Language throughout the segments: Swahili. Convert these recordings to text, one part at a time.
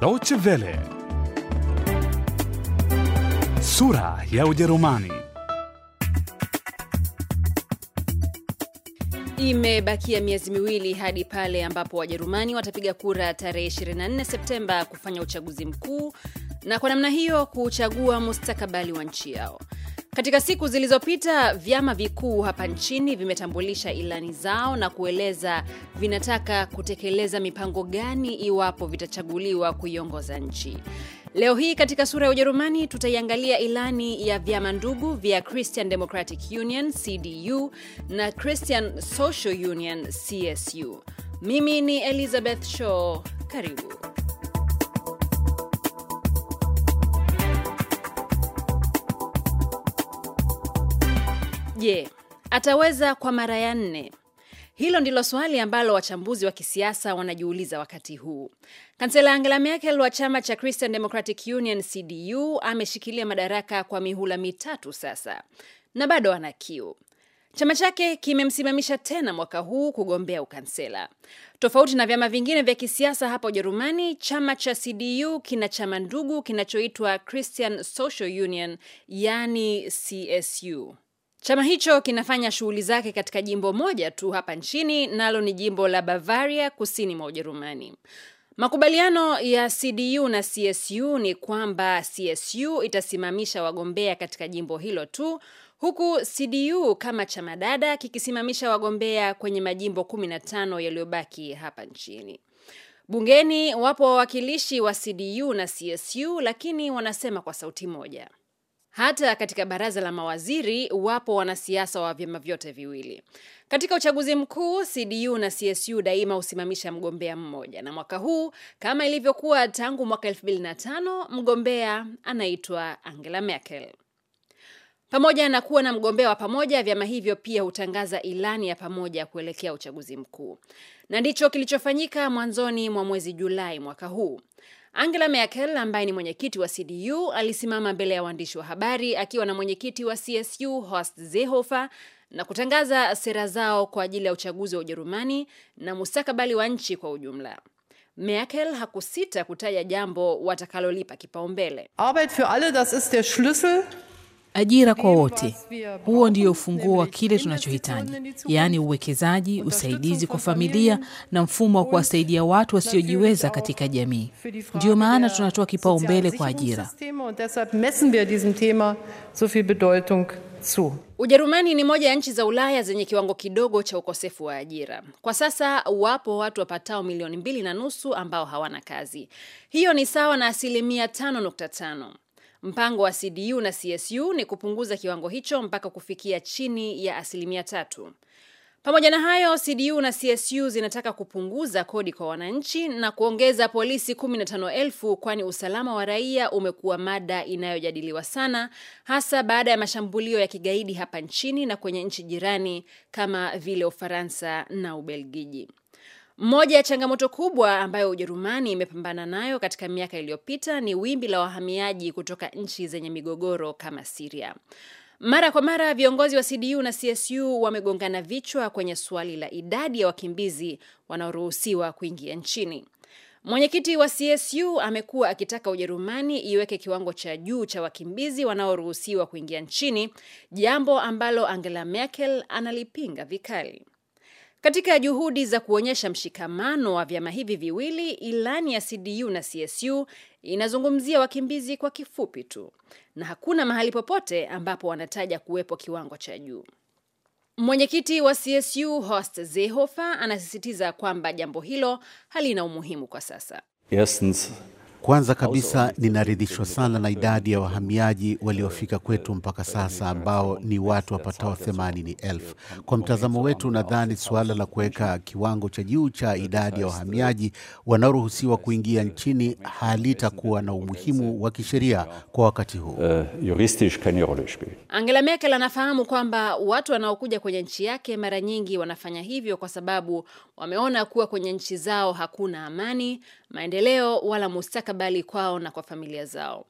Deutsche Welle, sura ya Ujerumani. Imebakia miezi miwili hadi pale ambapo Wajerumani watapiga kura tarehe 24 Septemba kufanya uchaguzi mkuu na kwa namna hiyo kuchagua mustakabali wa nchi yao. Katika siku zilizopita vyama vikuu hapa nchini vimetambulisha ilani zao na kueleza vinataka kutekeleza mipango gani iwapo vitachaguliwa kuiongoza nchi. Leo hii katika sura ya Ujerumani tutaiangalia ilani ya vyama ndugu vya Christian Democratic Union CDU na Christian Social Union CSU. Mimi ni Elizabeth Shaw, karibu. Je, yeah, ataweza kwa mara ya nne? Hilo ndilo swali ambalo wachambuzi wa kisiasa wanajiuliza wakati huu. Kansela Angela Merkel wa chama cha Christian Democratic Union CDU ameshikilia madaraka kwa mihula mitatu sasa na bado ana kiu. Chama chake kimemsimamisha tena mwaka huu kugombea ukansela. Tofauti na vyama vingine vya kisiasa hapa Ujerumani, chama cha CDU kina chama ndugu kinachoitwa Christian Social Union, yani CSU. Chama hicho kinafanya shughuli zake katika jimbo moja tu hapa nchini, nalo ni jimbo la Bavaria kusini mwa Ujerumani. Makubaliano ya CDU na CSU ni kwamba CSU itasimamisha wagombea katika jimbo hilo tu huku CDU kama chama dada kikisimamisha wagombea kwenye majimbo 15 yaliyobaki hapa nchini. Bungeni wapo wawakilishi wa CDU na CSU lakini wanasema kwa sauti moja. Hata katika baraza la mawaziri wapo wanasiasa wa vyama vyote viwili. Katika uchaguzi mkuu CDU na CSU daima husimamisha mgombea mmoja, na mwaka huu kama ilivyokuwa tangu mwaka 2005 mgombea anaitwa Angela Merkel. Pamoja na kuwa na mgombea wa pamoja, vyama hivyo pia hutangaza ilani ya pamoja kuelekea uchaguzi mkuu, na ndicho kilichofanyika mwanzoni mwa mwezi Julai mwaka huu. Angela Merkel ambaye ni mwenyekiti wa CDU alisimama mbele ya waandishi wa habari akiwa na mwenyekiti wa CSU Horst Seehofer na kutangaza sera zao kwa ajili ya uchaguzi wa Ujerumani na mustakabali wa nchi kwa ujumla. Merkel hakusita kutaja jambo watakalolipa kipaumbele. Arbeit für alle das ist der Schlüssel Ajira kwa wote, huo ndio ufunguo wa kile tunachohitaji, yaani uwekezaji, usaidizi kwa familia na mfumo wa kuwasaidia watu wasiojiweza katika jamii. Ndiyo maana tunatoa kipaumbele kwa ajira. Ujerumani ni moja ya nchi za Ulaya zenye kiwango kidogo cha ukosefu wa ajira. Kwa sasa wapo watu wapatao milioni mbili na nusu ambao hawana kazi. Hiyo ni sawa na asilimia tano nukta tano. Mpango wa CDU na CSU ni kupunguza kiwango hicho mpaka kufikia chini ya asilimia tatu. Pamoja na hayo, CDU na CSU zinataka kupunguza kodi kwa wananchi na kuongeza polisi 15,000 kwani usalama wa raia umekuwa mada inayojadiliwa sana hasa baada ya mashambulio ya kigaidi hapa nchini na kwenye nchi jirani kama vile Ufaransa na Ubelgiji. Moja ya changamoto kubwa ambayo Ujerumani imepambana nayo katika miaka iliyopita ni wimbi la wahamiaji kutoka nchi zenye migogoro kama siria Mara kwa mara viongozi wa CDU na CSU wamegongana vichwa kwenye suali la idadi ya wakimbizi wanaoruhusiwa kuingia nchini. Mwenyekiti wa CSU amekuwa akitaka Ujerumani iweke kiwango cha juu cha wakimbizi wanaoruhusiwa kuingia nchini, jambo ambalo Angela Merkel analipinga vikali. Katika juhudi za kuonyesha mshikamano wa vyama hivi viwili, ilani ya CDU na CSU inazungumzia wakimbizi kwa kifupi tu, na hakuna mahali popote ambapo wanataja kuwepo kiwango cha juu. Mwenyekiti wa CSU Horst Seehofer anasisitiza kwamba jambo hilo halina umuhimu kwa sasa. Erstens kwanza kabisa ninaridhishwa sana na idadi ya wahamiaji waliofika kwetu mpaka sasa ambao ni watu wapatao themanini Kwa mtazamo wetu, nadhani suala la kuweka kiwango cha juu cha idadi ya wahamiaji wanaoruhusiwa kuingia nchini halitakuwa na umuhimu wa kisheria kwa wakati huu. Angela Merkel anafahamu kwamba watu wanaokuja kwenye nchi yake mara nyingi wanafanya hivyo kwa sababu Wameona kuwa kwenye nchi zao hakuna amani, maendeleo wala mustakabali kwao na kwa familia zao.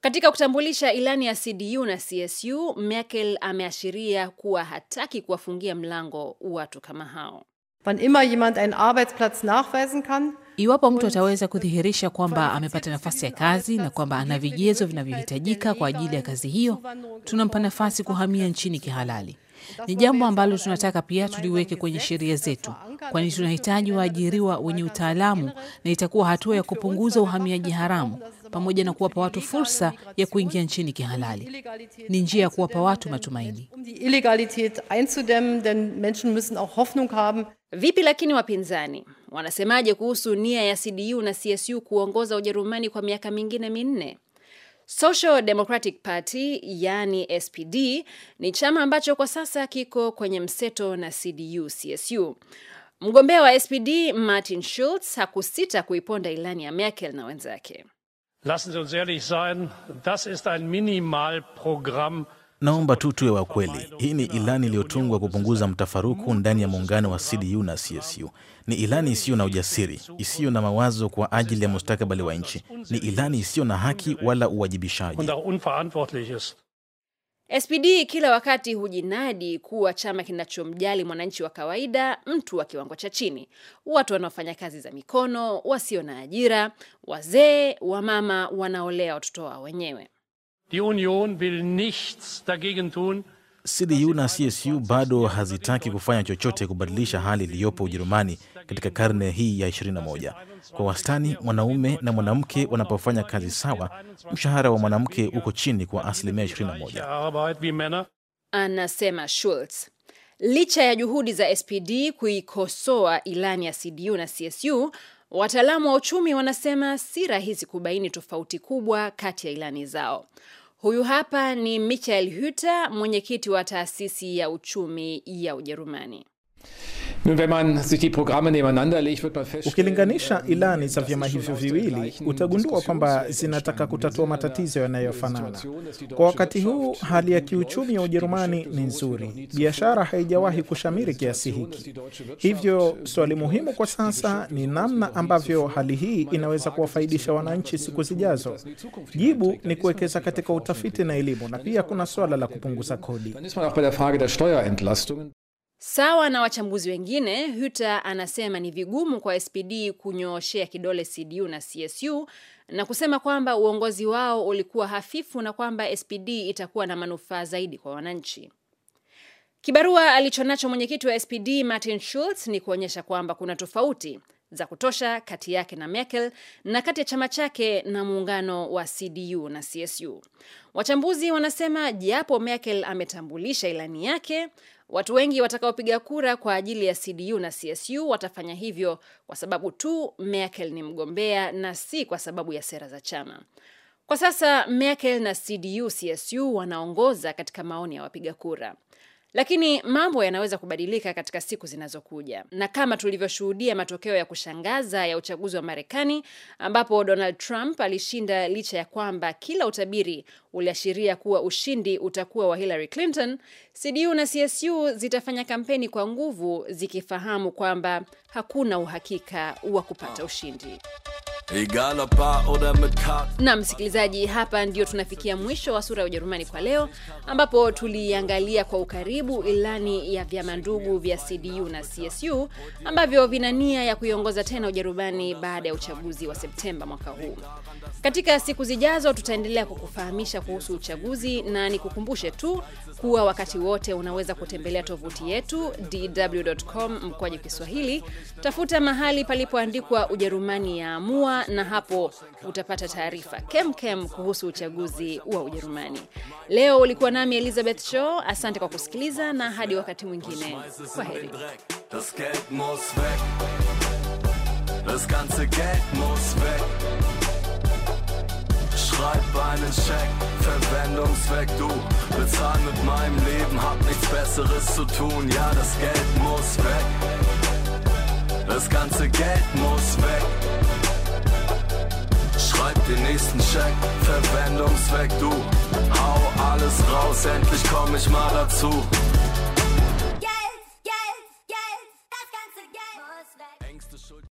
Katika kutambulisha ilani ya CDU na CSU, Merkel ameashiria kuwa hataki kuwafungia mlango watu kama hao. Wann immer jemand einen Arbeitsplatz nachweisen kann, Iwapo mtu ataweza kudhihirisha kwamba amepata nafasi ya kazi na kwamba ana vigezo vinavyohitajika kwa ajili ya kazi hiyo, tunampa nafasi kuhamia nchini kihalali. Ni jambo ambalo tunataka pia tuliweke kwenye sheria zetu kwani tunahitaji waajiriwa wenye utaalamu na itakuwa hatua ya kupunguza uhamiaji haramu pamoja na kuwapa watu fursa ya kuingia nchini kihalali. Ni njia ya kuwapa watu matumaini. Um Vipi lakini wapinzani wanasemaje kuhusu nia ya CDU na CSU kuongoza Ujerumani kwa miaka mingine minne? Social Democratic Party yani SPD ni chama ambacho kwa sasa kiko kwenye mseto na CDU CSU. Mgombea wa SPD Martin Schulz hakusita kuiponda ilani ya Merkel na wenzake. Lassen Sie uns ehrlich sein, das ist ein Minimalprogramm Naomba tu tuwe wa kweli. Hii ni ilani iliyotungwa kupunguza mtafaruku ndani ya muungano wa CDU na CSU. Ni ilani isiyo na ujasiri, isiyo na mawazo kwa ajili ya mustakabali wa nchi. Ni ilani isiyo na haki wala uwajibishaji. SPD kila wakati hujinadi kuwa chama kinachomjali mwananchi wa kawaida, mtu wa kiwango cha chini, watu wanaofanya kazi za mikono, wasio na ajira, wazee, wamama wanaolea watoto wao wenyewe. Die Union will nichts dagegen tun CDU na CSU bado hazitaki kufanya chochote kubadilisha hali iliyopo Ujerumani katika karne hii ya 21. Kwa wastani, mwanaume na mwanamke wanapofanya kazi sawa, mshahara wa mwanamke uko chini kwa asilimia 21, anasema Schulz. Licha ya juhudi za SPD kuikosoa ilani ya CDU na CSU, wataalamu wa uchumi wanasema si rahisi kubaini tofauti kubwa kati ya ilani zao. Huyu hapa ni Michael Hüter, mwenyekiti wa taasisi ya uchumi ya Ujerumani. Ukilinganisha ähm, ilani za vyama hivyo viwili utagundua kwamba zinataka kutatua matatizo yanayofanana. Kwa wakati huu, hali ya kiuchumi ya Ujerumani ni nzuri, biashara haijawahi kushamiri kiasi hiki. Hivyo swali muhimu kwa sasa ni namna ambavyo hali hii inaweza kuwafaidisha wananchi siku zijazo. Jibu ni kuwekeza katika utafiti na elimu, na pia kuna swala la kupunguza kodi. Sawa na wachambuzi wengine, Huta anasema ni vigumu kwa SPD kunyooshea kidole CDU na CSU na kusema kwamba uongozi wao ulikuwa hafifu na kwamba SPD itakuwa na manufaa zaidi kwa wananchi. Kibarua alichonacho mwenyekiti wa SPD Martin Schulz ni kuonyesha kwamba kuna tofauti za kutosha kati yake na Merkel na kati ya chama chake na muungano wa CDU na CSU. Wachambuzi wanasema japo Merkel ametambulisha ilani yake, Watu wengi watakaopiga kura kwa ajili ya CDU na CSU watafanya hivyo kwa sababu tu Merkel ni mgombea na si kwa sababu ya sera za chama. Kwa sasa Merkel na CDU CSU wanaongoza katika maoni ya wapiga kura. Lakini mambo yanaweza kubadilika katika siku zinazokuja, na kama tulivyoshuhudia matokeo ya kushangaza ya uchaguzi wa Marekani ambapo Donald Trump alishinda licha ya kwamba kila utabiri uliashiria kuwa ushindi utakuwa wa Hillary Clinton, CDU na CSU zitafanya kampeni kwa nguvu zikifahamu kwamba hakuna uhakika wa kupata ah. ushindi. Na msikilizaji, hapa ndio tunafikia mwisho wa sura ya Ujerumani kwa leo, ambapo tuliangalia kwa ukaribu ilani ya vyama ndugu vya CDU na CSU ambavyo vina nia ya kuiongoza tena Ujerumani baada ya uchaguzi wa Septemba mwaka huu. Katika siku zijazo, tutaendelea kukufahamisha kuhusu uchaguzi, na nikukumbushe tu kuwa wakati wote unaweza kutembelea tovuti yetu dw.com mkwaju Kiswahili. Tafuta mahali palipoandikwa Ujerumani ya amua, na hapo utapata taarifa kemkem kuhusu uchaguzi wa Ujerumani. Leo ulikuwa nami Elizabeth Shaw. Asante kwa kusikiliza na hadi wakati mwingine, kwa heri. Das Geld muss weg. Das ganze Geld muss weg. schreib einen Scheck, Verwendungszweck du. Bezahl mit meinem Leben, hab nichts Besseres zu tun. Ja, das Geld muss weg. Das ganze Geld muss weg. Schreib den nächsten Scheck, Verwendungszweck du. Hau alles raus, endlich komm ich mal dazu.